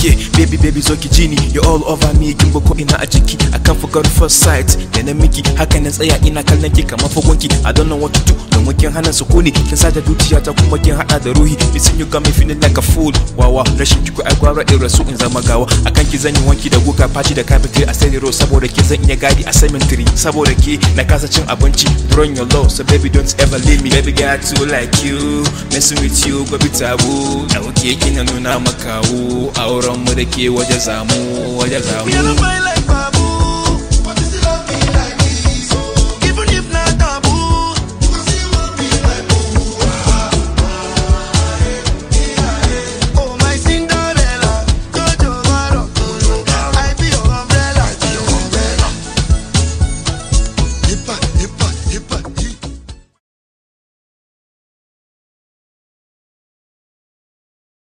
ke baby baby zoki genie you're all over me gimbo ko ina a jiki akan for god first sight da na miki haka na tsaya ina kallon ki kamar fagonki i don't know what to do domin hana sukuni kin sata dukiya ta kuma kin hada da ruhi bi sun got me feeling like a fool wawa rashin kiku ai gwara in rasu in zama gawa akan ki zan yi wanki da guka faci da kafitri a sai ro saboda ke zan iya gadi a cemetery saboda ke na kasa cin abinci during your love so baby don't ever leave me baby got to like you mess with you go be taboo wuke kina nuna makawo auren mu da ke waje zamu waje zamu Hip